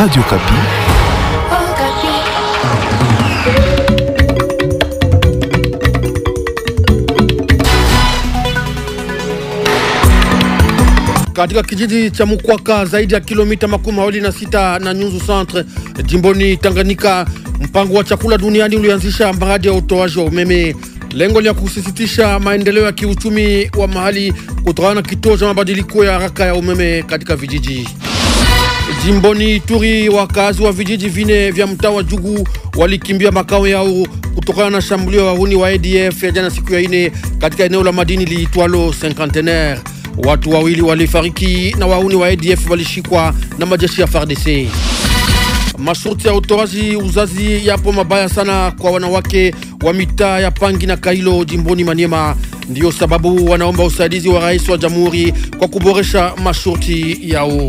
Radio Kapi. Katika kijiji cha Mukwaka zaidi ya kilomita makumi mawili na sita na Nyunzu Centre jimboni Tanganyika, mpango wa chakula duniani ulianzisha mradi ya utoaji wa umeme. Lengo ni ya kusisitisha maendeleo ya kiuchumi wa mahali kutokana na kituo cha mabadiliko ya haraka ya umeme katika vijiji. Jimboni Ituri, wakazi wa vijiji vine vya mtaa wa Jugu walikimbia makao yao kutokana na shambulio ya wahuni wa ADF ya jana siku ya ine katika eneo la madini liitwalo Cinquantenaire. Watu wawili walifariki na wahuni wa ADF walishikwa na majeshi ya FARDC. Masharti ya utoaji uzazi yapo mabaya sana kwa wanawake wa mitaa ya Pangi na Kailo jimboni Maniema. Ndiyo sababu wanaomba usaidizi wa rais wa jamhuri kwa kuboresha masharti yao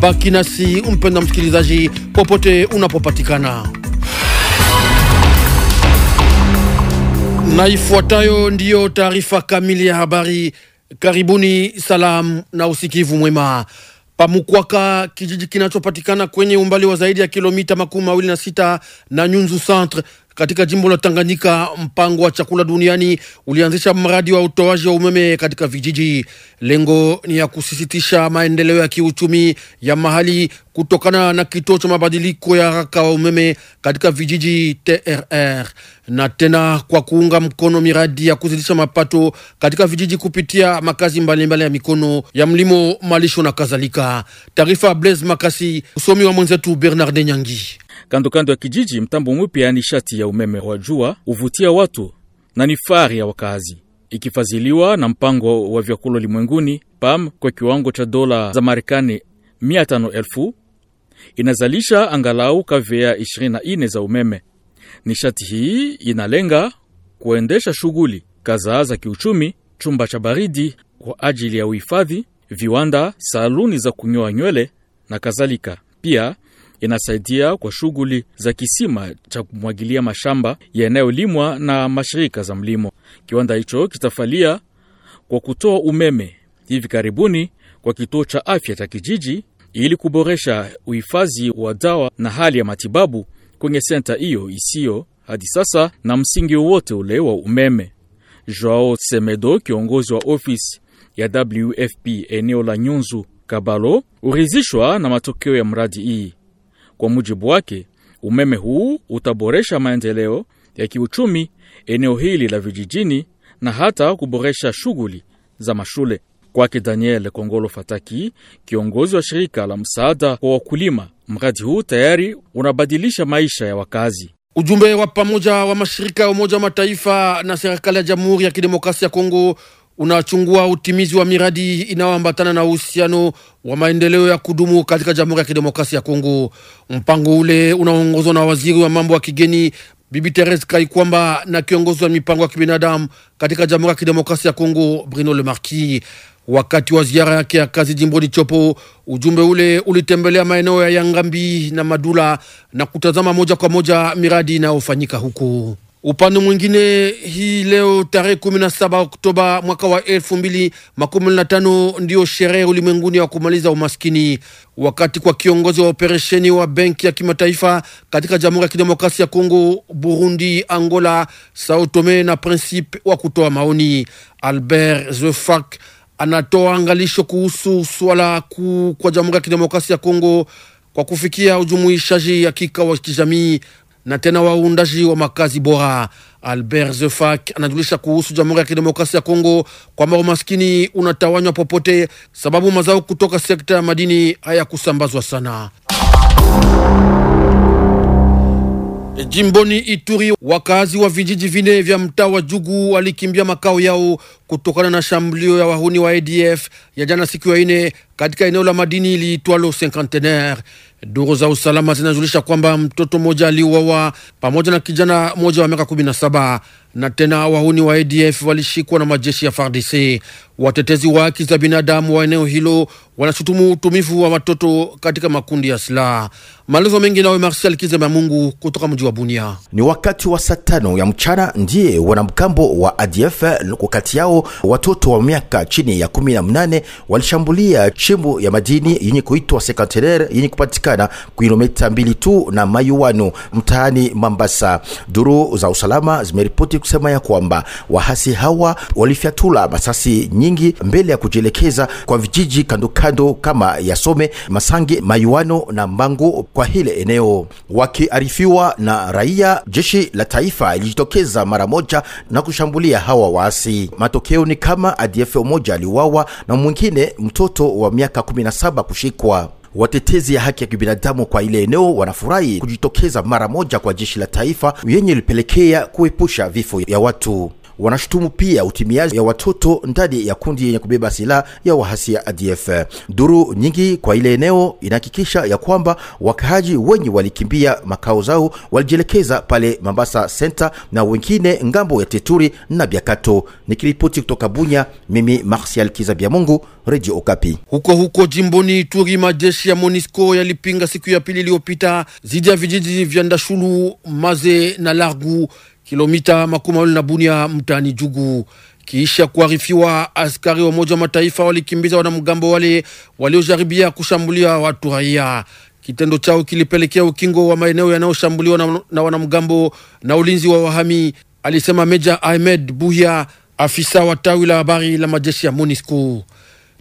baki nasi, umpenda msikilizaji, popote unapopatikana, na ifuatayo ndiyo taarifa kamili ya habari. Karibuni, salamu na usikivu mwema. Pamukwaka, kijiji kinachopatikana kwenye umbali wa zaidi ya kilomita makumi mawili na sita na Nyunzu Centre katika jimbo la Tanganyika, mpango wa chakula duniani ulianzisha mradi wa utoaji wa umeme katika vijiji. Lengo ni ya kusisitisha maendeleo ya kiuchumi ya mahali kutokana na kituo cha mabadiliko ya haraka wa umeme katika vijiji TRR, na tena kwa kuunga mkono miradi ya kuzidisha mapato katika vijiji kupitia makazi mbalimbali mbali ya mikono ya mlimo, malisho na kadhalika. Taarifa Blaise Makasi, usomi wa mwenzetu Bernard Nyangi. Kando kando ya kijiji, mtambo mpya ya nishati ya umeme wa jua huvutia watu na ni fahari ya wakazi, ikifadhiliwa na mpango wa vyakula ulimwenguni PAM kwa kiwango cha dola za Marekani 500,000 inazalisha angalau kavea 24 za umeme. Nishati hii inalenga kuendesha shughuli kadhaa za kiuchumi, chumba cha baridi kwa ajili ya uhifadhi, viwanda, saluni za kunyoa nywele na kadhalika. Pia inasaidia kwa shughuli za kisima cha kumwagilia mashamba yanayolimwa na mashirika za mlimo. Kiwanda hicho kitafalia kwa kutoa umeme hivi karibuni kwa kituo cha afya cha kijiji ili kuboresha uhifadhi wa dawa na hali ya matibabu kwenye senta hiyo isiyo hadi sasa na msingi wowote ule wa umeme. Joao Semedo, kiongozi wa ofisi ya WFP eneo la Nyunzu Kabalo, huridhishwa na matokeo ya mradi hii. Kwa mujibu wake, umeme huu utaboresha maendeleo ya kiuchumi eneo hili la vijijini na hata kuboresha shughuli za mashule. Kwake Daniel Kongolo Fataki, kiongozi wa shirika la msaada kwa wakulima, mradi huu tayari unabadilisha maisha ya wakazi. Ujumbe wa pamoja wa mashirika ya Umoja wa Mataifa na serikali ya Jamhuri ya Kidemokrasia ya Kongo unachungua utimizi wa miradi inayoambatana na uhusiano wa maendeleo ya kudumu katika Jamhuri ya Kidemokrasia ya Kongo. Mpango ule unaongozwa na waziri wa mambo ya kigeni Bibi Therese Kaikwamba na kiongozi wa mipango ya kibinadamu katika Jamhuri ya Kidemokrasia ya Kongo Bruno Le Marquis. Wakati wa ziara yake ya kazi jimboni Chopo, ujumbe ule ulitembelea maeneo ya Yangambi na Madula na kutazama moja kwa moja miradi inayofanyika huko. Upande mwingine hii leo tarehe 17 Oktoba mwaka wa 2015 ndiyo sherehe ulimwenguni ya kumaliza umaskini. Wakati kwa kiongozi wa operesheni wa benki ya kimataifa katika Jamhuri ya Kidemokrasia ya Kongo, Burundi, Angola, Sao Tome na Principe wa kutoa maoni, Albert Zefak anatoa angalisho kuhusu swala kuu kwa Jamhuri ya Kidemokrasia ya Kongo kwa kufikia ujumuishaji hakika wa kijamii na tena waundaji wa makazi bora. Albert Zefak anajulisha kuhusu Jamhuri ya Kidemokrasia ya Kongo kwamba umaskini unatawanywa popote, sababu mazao kutoka sekta ya madini hayakusambazwa sana. Jimboni Ituri, wakazi wa vijiji vine vya mtaa wa Jugu walikimbia makao yao kutokana na shambulio ya wahuni wa ADF ya jana siku ya ine katika eneo la madini liitwalo Cinquantenaire. Duru za usalama zinajulisha kwamba mtoto mmoja aliuawa pamoja na kijana mmoja wa miaka kumi na saba na tena wahuni wa ADF walishikwa na majeshi ya FARDC. Watetezi wa haki za binadamu wa eneo hilo wanashutumu utumivu wa watoto katika makundi ya silaha. Maelezo mengi nawe Marsial Kizema Mungu kutoka mji wa Bunia. Ni wakati wa saa tano ya mchana ndiye wanamgambo wa ADF, kati yao watoto wa miaka chini ya kumi na mnane walishambulia mashimbo ya madini yenye kuitwa Sekanterere yenye kupatikana kilomita mbili tu na Mayuwanu mtaani Mambasa. Duru za usalama zimeripoti kusema ya kwamba wahasi hawa walifyatula masasi nyingi mbele ya kujielekeza kwa vijiji kandokando kama Yasome, Masangi, Mayuwano na Mbangu kwa hile eneo. Wakiarifiwa na raia, jeshi la taifa ilijitokeza mara moja na kushambulia hawa waasi. Matokeo ni kama ADF moja aliwawa na mwingine mtoto wa miaka 17 kushikwa. Watetezi ya haki ya kibinadamu kwa ile eneo wanafurahi kujitokeza mara moja kwa jeshi la taifa yenye lipelekea kuepusha vifo ya watu wanashutumu pia utimiaji ya watoto ndani ya kundi yenye kubeba silaha ya wahasi ya ADF. Duru nyingi kwa ile eneo inahakikisha ya kwamba wakaaji wenye walikimbia makao zao walijielekeza pale Mambasa Center na wengine ngambo ya Teturi na Biakato. Nikiripoti kutoka Bunya, mimi Martial mungu Radio Okapi. Huko huko jimboni turi majeshi ya Monisco yalipinga siku ya pili iliyopita zidi ya vijiji vya Ndashulu, Maze na Largu kilomita makumi mawili na Bunia mtaani Jugu. Kisha kuarifiwa, askari wa Umoja wa Mataifa walikimbiza wanamgambo wale waliojaribia kushambulia watu raia. Kitendo chao kilipelekea ukingo wa maeneo yanayoshambuliwa na, na wanamgambo na ulinzi wa wahami, alisema Meja Ahmed Buhia, afisa wa tawi la habari la majeshi ya MONUSCO.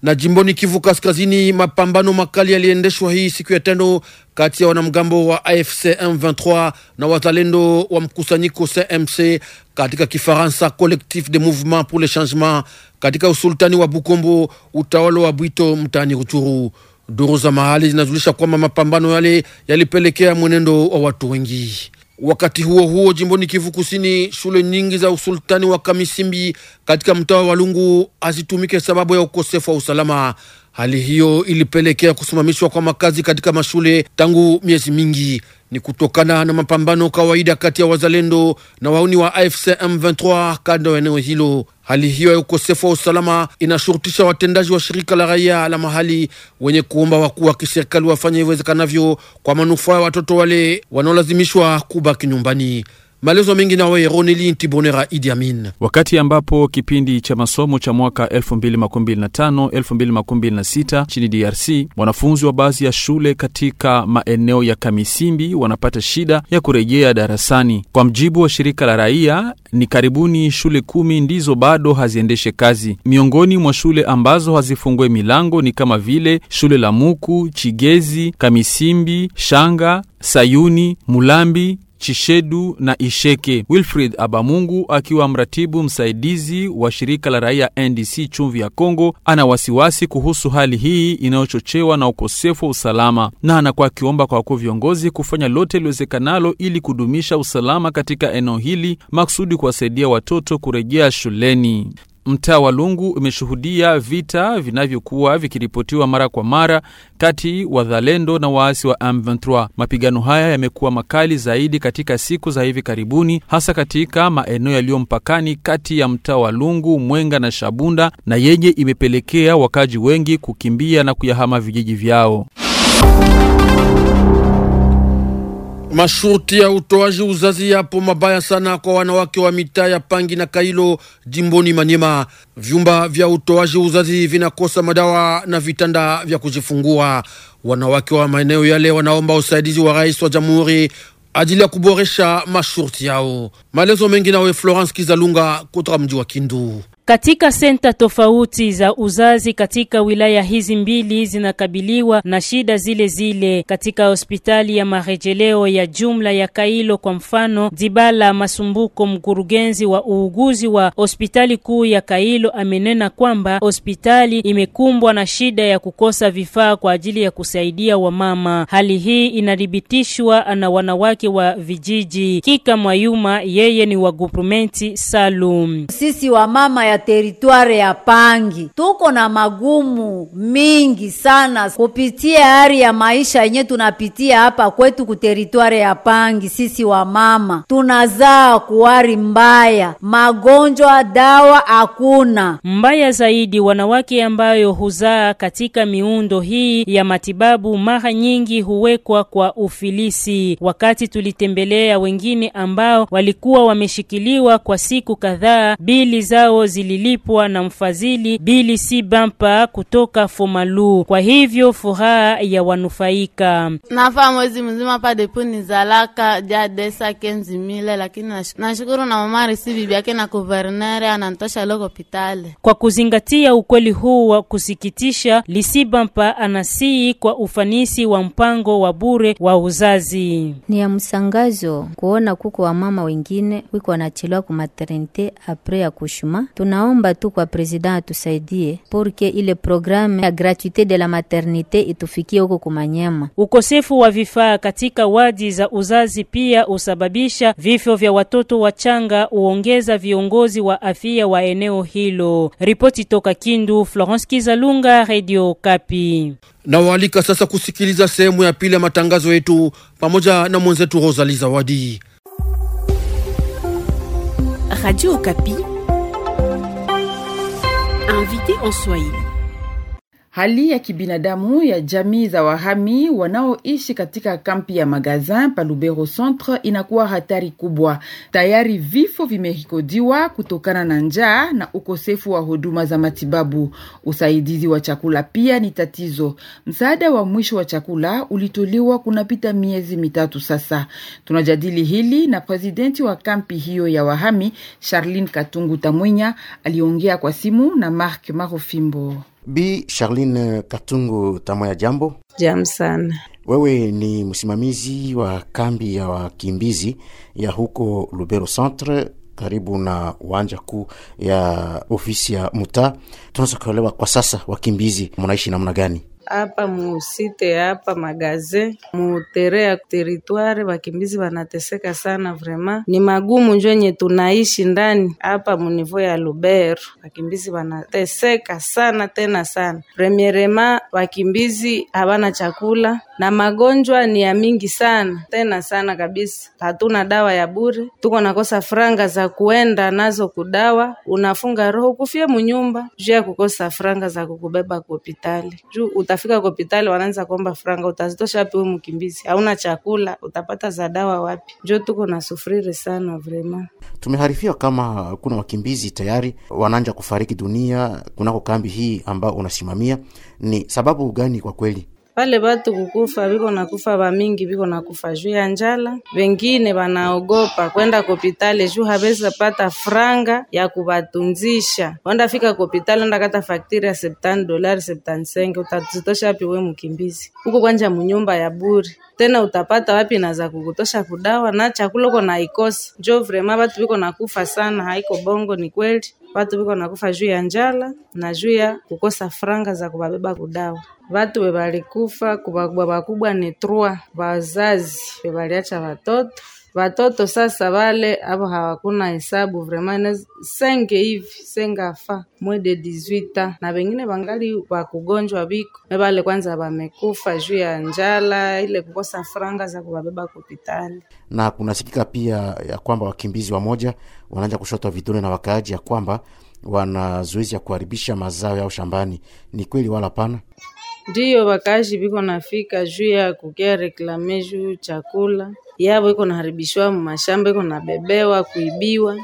Na jimboni Kivu Kaskazini, mapambano makali yaliendeshwa hii siku ya tano kati ya wanamgambo wa AFC M23 na wazalendo wa mkusanyiko CMC katika Kifaransa Collectif de Mouvement pour le Changement katika usultani wa Bukombo, utawala wa Bwito, mtaani Ruchuru. Duru za mahali zinajulisha kwamba mapambano yale yalipelekea mwenendo wa watu wengi. Wakati huo huo, jimboni Kivu Kusini, shule nyingi za usultani wa Kamisimbi katika mtaa wa Lungu hazitumike sababu ya ukosefu wa usalama. Hali hiyo ilipelekea kusimamishwa kwa makazi katika mashule tangu miezi mingi ni kutokana na mapambano kawaida kati ya wazalendo na wauni wa AFC M23 kando ya eneo hilo. Hali hiyo ya ukosefu wa usalama inashurutisha watendaji wa shirika la raia la mahali wenye kuomba wakuu wa kiserikali wafanye iwezekanavyo kwa manufaa ya watoto wale wanaolazimishwa kubaki nyumbani. Maelezo mengi nawe Roneli Ntibonera Idi Amin. Wakati ambapo kipindi cha masomo cha mwaka 2025 2026 nchini DRC, wanafunzi wa baadhi ya shule katika maeneo ya Kamisimbi wanapata shida ya kurejea darasani. Kwa mjibu wa shirika la raia, ni karibuni shule kumi ndizo bado haziendeshe kazi. Miongoni mwa shule ambazo hazifungue milango ni kama vile shule la Muku, Chigezi, Kamisimbi, Shanga, Sayuni, Mulambi Chishedu na Isheke. Wilfred Abamungu akiwa mratibu msaidizi wa shirika la raia NDC Chumvi ya Kongo ana wasiwasi kuhusu hali hii inayochochewa na ukosefu wa usalama, na anakuwa akiomba kwa wakuu viongozi kufanya lote liwezekanalo ili kudumisha usalama katika eneo hili maksudi kuwasaidia watoto kurejea shuleni. Mtaa wa Lungu umeshuhudia vita vinavyokuwa vikiripotiwa mara kwa mara kati wazalendo na waasi wa M23. Mapigano haya yamekuwa makali zaidi katika siku za hivi karibuni, hasa katika maeneo yaliyo mpakani kati ya mtaa wa Lungu, Mwenga na Shabunda, na yenye imepelekea wakaji wengi kukimbia na kuyahama vijiji vyao. Masharti ya utoaji uzazi yapo mabaya sana kwa wanawake wa mitaa ya Pangi na Kailo jimboni Manyema. Vyumba vya utoaji uzazi vinakosa madawa na vitanda vya kujifungua. Wanawake wa maeneo yale wanaomba usaidizi wa rais wa jamhuri ajili ya kuboresha masharti yao. Maelezo mengi nawe Florence Kizalunga kutoka mji wa Kindu. Katika senta tofauti za uzazi katika wilaya hizi mbili zinakabiliwa na shida zile zile. Katika hospitali ya marejeleo ya jumla ya Kailo kwa mfano, Dibala Masumbuko, mkurugenzi wa uuguzi wa hospitali kuu ya Kailo, amenena kwamba hospitali imekumbwa na shida ya kukosa vifaa kwa ajili ya kusaidia wamama. Hali hii inadhibitishwa na wanawake wa vijiji. Kika Mwayuma, yeye ni wa guvernmenti Salum. Sisi mama ya teritware ya Pangi. Tuko na magumu mingi sana kupitia hali ya maisha yenye tunapitia hapa kwetu kuteritware ya Pangi. Sisi wamama tunazaa kuwari mbaya, magonjwa dawa hakuna. Mbaya zaidi wanawake ambayo huzaa katika miundo hii ya matibabu mara nyingi huwekwa kwa ufilisi. Wakati tulitembelea wengine ambao walikuwa wameshikiliwa kwa siku kadhaa, bili zao zili zililipwa na mfadhili Bili si Bampa kutoka Fomalu. Kwa hivyo furaha ya wanufaika nafa mwezi mzima pa depo ni zalaka desa kenzi mile, lakini nashukuru na mama risi bibi yake na guvernere anantosha loko hospitali. Kwa kuzingatia ukweli huu wa kusikitisha, Lisi Bampa anasii kwa ufanisi wa mpango wa bure wa uzazi. Ni ya msangazo kuona kuko wamama wengine wiko wanachelewa ku maternite apre ya kushuma tuna tunaomba tu kwa president atusaidie porque ile programe ya gratuite de la maternite itufikie huko Kumanyema. Ukosefu wa vifaa katika wadi za uzazi pia husababisha vifo vya watoto wachanga, uongeza viongozi wa afya wa eneo hilo. Ripoti toka Kindu, Florence Kizalunga, Radio Kapi. Nawaalika sasa kusikiliza sehemu ya pili ya matangazo yetu pamoja na mwenzetu Rosali Zawadi, Radio Kapi. invité en soi. Hali ya kibinadamu ya jamii za wahami wanaoishi katika kampi ya Magazin palubero Centre inakuwa hatari kubwa. Tayari vifo vimerekodiwa kutokana na njaa na ukosefu wa huduma za matibabu. Usaidizi wa chakula pia ni tatizo. Msaada wa mwisho wa chakula ulitolewa kunapita miezi mitatu sasa. Tunajadili hili na presidenti wa kampi hiyo ya wahami charlin Katungu tamwinya aliongea kwa simu na Mark Marofimbo. Bi Charline Katungu tamo ya jambo. Jam sana. Wewe ni msimamizi wa kambi ya wakimbizi ya huko Lubero Centre karibu na uwanja kuu ya ofisi ya mutaa. Tunaweza kuelewa kwa sasa wakimbizi mnaishi namna gani? Hapa musite hapa magazin mutere ya teritware bakimbizi banateseka sana, vrema ni magumu njo tunaishi ndani hapa munivo ya Lubero. Bakimbizi banateseka sana tena sana, premierema bakimbizi habana chakula na magonjwa ni ya mingi sana tena sana kabisa. Hatuna dawa ya bure, tuko nakosa franga za kuenda nazo kudawa. Unafunga roho kufie munyumba juu ya kukosa franga za kukubeba ku juu uta Unafika hospitali wanaanza kuomba franga, utazitosha wapi? Huyu mkimbizi hauna chakula, utapata za dawa wapi? Njo tuko na sufriri sana vrema. Tumeharifiwa kama kuna wakimbizi tayari wananja kufariki dunia kunako kambi hii ambao unasimamia, ni sababu gani kwa kweli? pale batu kukufa biko nakufa bamingi biko nakufa juu ya njala, vengine wanaogopa kwenda kopitale juu haweza pata franga ya kubatunzisha. Wanda fika kopitale onda kata faktiri ya septani dolari septani senge, utazitosha wapi we mkimbizi? Huko kwanja munyumba ya buri tena utapata wapi na za kukutosha kudawa na chakula uko ikosi Njo vrema batu na nakufa sana, haiko bongo, ni kweli. Watu biko nakufa juu ya njala na juu ya kukosa franga za kubabeba kudawa. Watu webalikufa kuvakubwa vakubwa ni trua, vazazi webaliacha watoto Watoto sasa wale avo hawakuna hesabu vraiment senge hivi senge fa mwe de 18 na wengine wangali wakugonjwa biko na wale kwanza wamekufa juu ya njala ile kukosa franga za kuwabeba kupitali. Na kunasikika pia ya kwamba wakimbizi wamoja wanaanza kushotwa vidole na wakaaji ya kwamba wana zoezi ya kuharibisha mazao yao shambani, ni kweli wala pana ndiyo wakashi biko nafika juu ya kukia reklame juu chakula yabo iko naharibishwa mashamba iko nabebewa kuibiwa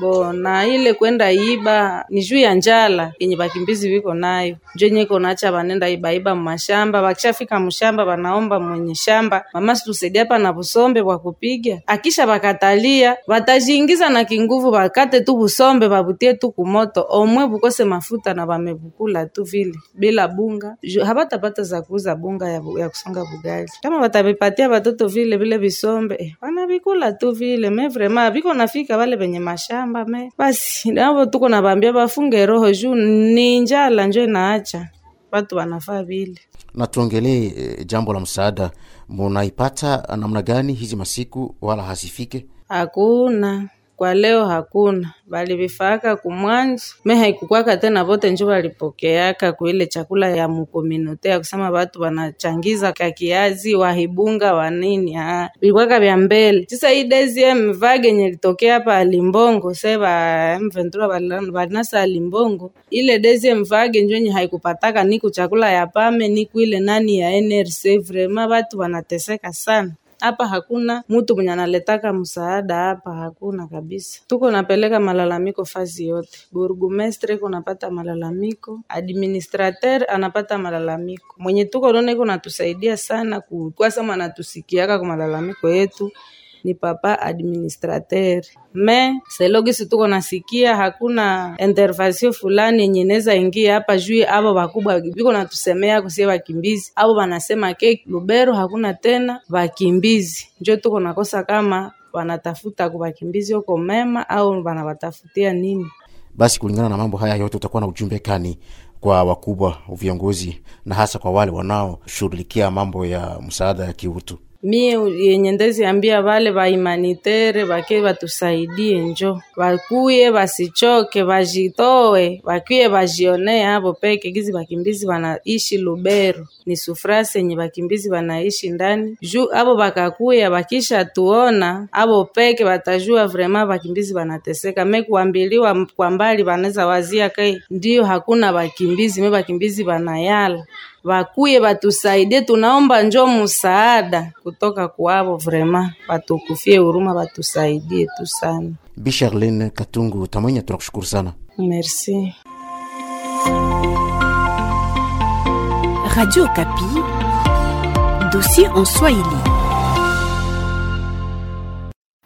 bo na ile kwenda iba ni juu ya njala yenye bakimbizi viko nayo, njo yenye konacha banenda ibaiba mumashamba. Bakishafika mshamba, banaomba mwenye shamba, mama situsaidia hapa na busombe bwa kupiga. Akisha bakatalia, batajiingiza na kinguvu, bakate tu busombe babutie tu kumoto, omwe bukose mafuta na bamebukula tu vile bila bunga, habatapata za kuuza bunga ya, ya kusonga bugali. Kama batabipatia batoto vile vile bisombe, eh, banabikula tu vile me vrema biko nafika wale benye mashamba shamba me basi navo tuko na vambia bafunge roho juu ni njala njo inaacha watu wanafaa vile. Na tuongelee eh, jambo la msaada, munaipata namna gani hizi masiku wala hasifike? Hakuna kwa leo hakuna, valivifaaka kumwanji haikukwaka tena, vote njo valipokeaka kuile chakula ya mukominote ya kusema vatu vanachangiza kakiazi wahibunga wanini vikwaka vya mbele. Sasa hii deziem vage yenye litokea hapa Alimbongo, se va m valinasa Alimbongo, ile deziem vage njo haikupataka niku chakula ya pame niku ile nani ya NRC, vrema vatu vanateseka sana hapa hakuna mtu mwenye analetaka msaada hapa, hakuna kabisa. Tuko napeleka malalamiko fazi yote, burgumestre iko napata malalamiko, administrateur anapata malalamiko, mwenye tuko naona iko natusaidia sana kukwasama, anatusikiaka kwa malalamiko yetu ni papa administrateur me selogisi tuko nasikia hakuna intervention fulani yenye inaweza ingia hapa juu. Avo vakubwa viko natusemea kusie vakimbizi avo vanasema ke Lubero hakuna tena vakimbizi, njo tuko nakosa kama wanatafuta kuvakimbizi huko mema au wanawatafutia nini? Basi kulingana na mambo haya yote, utakuwa na ujumbe kani kwa wakubwa viongozi, na hasa kwa wale wanaoshughulikia mambo ya msaada ya kiutu? mie yenye ndeziambia vale vaimanitere vake vatusaidie, njo vakuye, vasichoke, vajitoe, vakuye vajionee hapo peke. Gizi vakimbizi vanaishi Lubero ni sufrasi yenye vakimbizi vanaishi ndani juu avo vakakuya, vakisha tuona avo peke vatajua vrema vakimbizi vanateseka. Mekuambiliwa kwa mbali, vanaweza wazia kai ndiyo hakuna vakimbizi, me vakimbizi vanayala vakuye vatusaidie, tunaomba njo msaada kutoka kwavo, vrema batukufie huruma, batusaidie tu sana. Bi Katungu Tamwenya, tunakushukuru sana, merci. Radio Kapi, dossier en Swahili.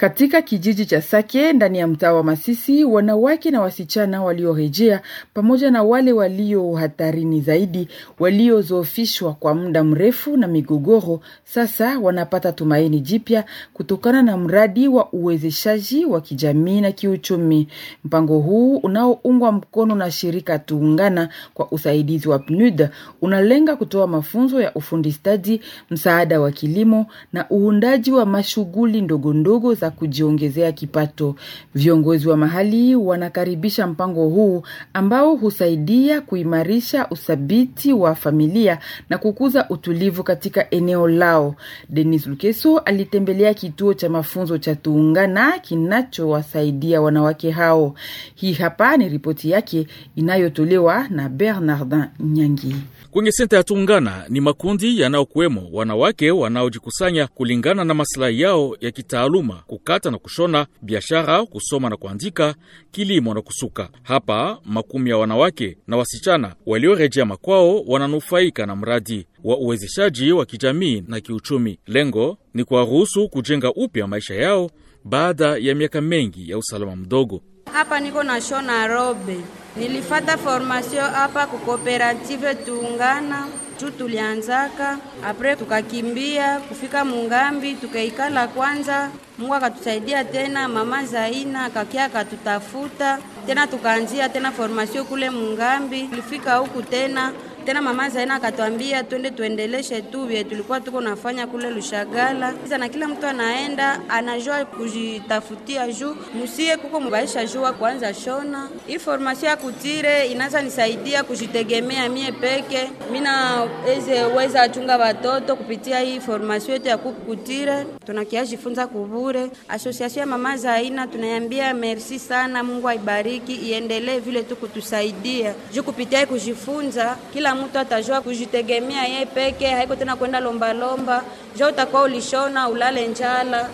Katika kijiji cha Sake ndani ya mtaa wa Masisi, wanawake na wasichana waliorejea pamoja na wale walio hatarini zaidi, waliozoofishwa kwa muda mrefu na migogoro, sasa wanapata tumaini jipya kutokana na mradi wa uwezeshaji wa kijamii na kiuchumi. Mpango huu unaoungwa mkono na shirika Tuungana kwa usaidizi wa PNUD unalenga kutoa mafunzo ya ufundi stadi, msaada wa kilimo na uundaji wa mashughuli ndogondogo za kuweza kujiongezea kipato. Viongozi wa mahali wanakaribisha mpango huu ambao husaidia kuimarisha uthabiti wa familia na kukuza utulivu katika eneo lao. Denis Lukeso alitembelea kituo cha mafunzo cha Tuungana kinachowasaidia wanawake hao. Hii hapa ni ripoti yake inayotolewa na Bernardin Nyangi. Kwenye senta ya Tungana ni makundi yanayokuwemo wanawake wanaojikusanya kulingana na masilahi yao ya kitaaluma: kukata na kushona, biashara, kusoma na kuandika, kilimo na kusuka. Hapa makumi ya wanawake na wasichana waliorejea makwao wananufaika na mradi wa uwezeshaji wa kijamii na kiuchumi. Lengo ni kuwaruhusu kujenga upya maisha yao baada ya miaka mengi ya usalama mdogo. Hapa niko na shona robe, nilifata formasio hapa kukooperative Tuungana tu tulianzaka apre tukakimbia kufika Mungambi, tukaikala kwanza. Mungu akatusaidia tena, mama Zaina akakia akatutafuta tena, tukaanzia tena formasio kule Mungambi. Tulifika huku tena tena mama Zaina akatuambia twende tuendeleshe tu vile tulikuwa tuko nafanya kule Lushagala. Sasa na kila mtu anaenda anajua kujitafutia juu, msie kuko mubaisha jua kwanza shona. Hii ya kutire inaanza nisaidia kujitegemea mie peke. Mina eze weza achunga watoto kupitia hii formation yetu ya kukutire. Tunakiajifunza kubure. Asosiasio ya mama Zaina tunayambia merci sana, Mungu aibariki, iendelee vile tu kutusaidia. Juu kupitia kujifunza kila mtu atajua kujitegemea yeye peke, haiko tena kwenda lombalomba, jo utakuwa ulishona ulale njala.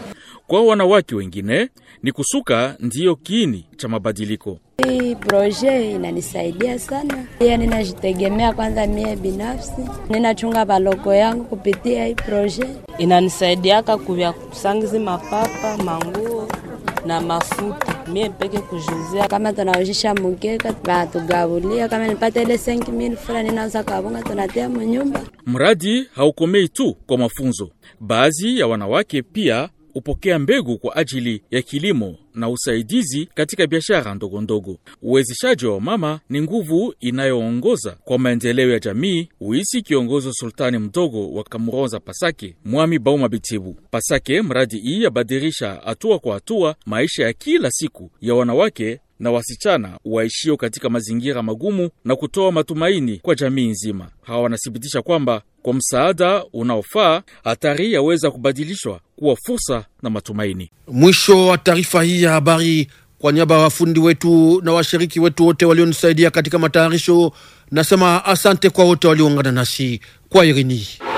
Kwa wanawake wengine ni kusuka ndiyo kiini cha mabadiliko. Hii proje inanisaidia sana pia, ninajitegemea kwanza mie binafsi, ninachunga baloko yangu kupitia hii proje. Inanisaidiaka kuvya kusangizi mapapa, manguo na mafuta mie peke kujuzia kama tunaujisha mukeka batugabulia kama nipate ile 5000 fura ninaweza kabunga tunatia mnyumba. Mradi haukomei tu kwa mafunzo, baadhi ya wanawake pia hupokea mbegu kwa ajili ya kilimo na usaidizi katika biashara ndogondogo. Uwezeshaji wa mama ni nguvu inayoongoza kwa maendeleo ya jamii, huisi kiongozi sultani mdogo wa za Pasake Mwami Bauma Bitibu Pasake. Mradi hii yabadirisha hatua kwa hatua maisha ya kila siku ya wanawake na wasichana waishio katika mazingira magumu na kutoa matumaini kwa jamii nzima. Hawa wanathibitisha kwamba kwa msaada unaofaa hatari yaweza kubadilishwa kuwa fursa na matumaini. Mwisho wa taarifa hii ya habari. Kwa niaba ya wafundi wetu na washiriki wetu wote walionisaidia katika matayarisho, nasema asante kwa wote walioungana nasi kwa irini.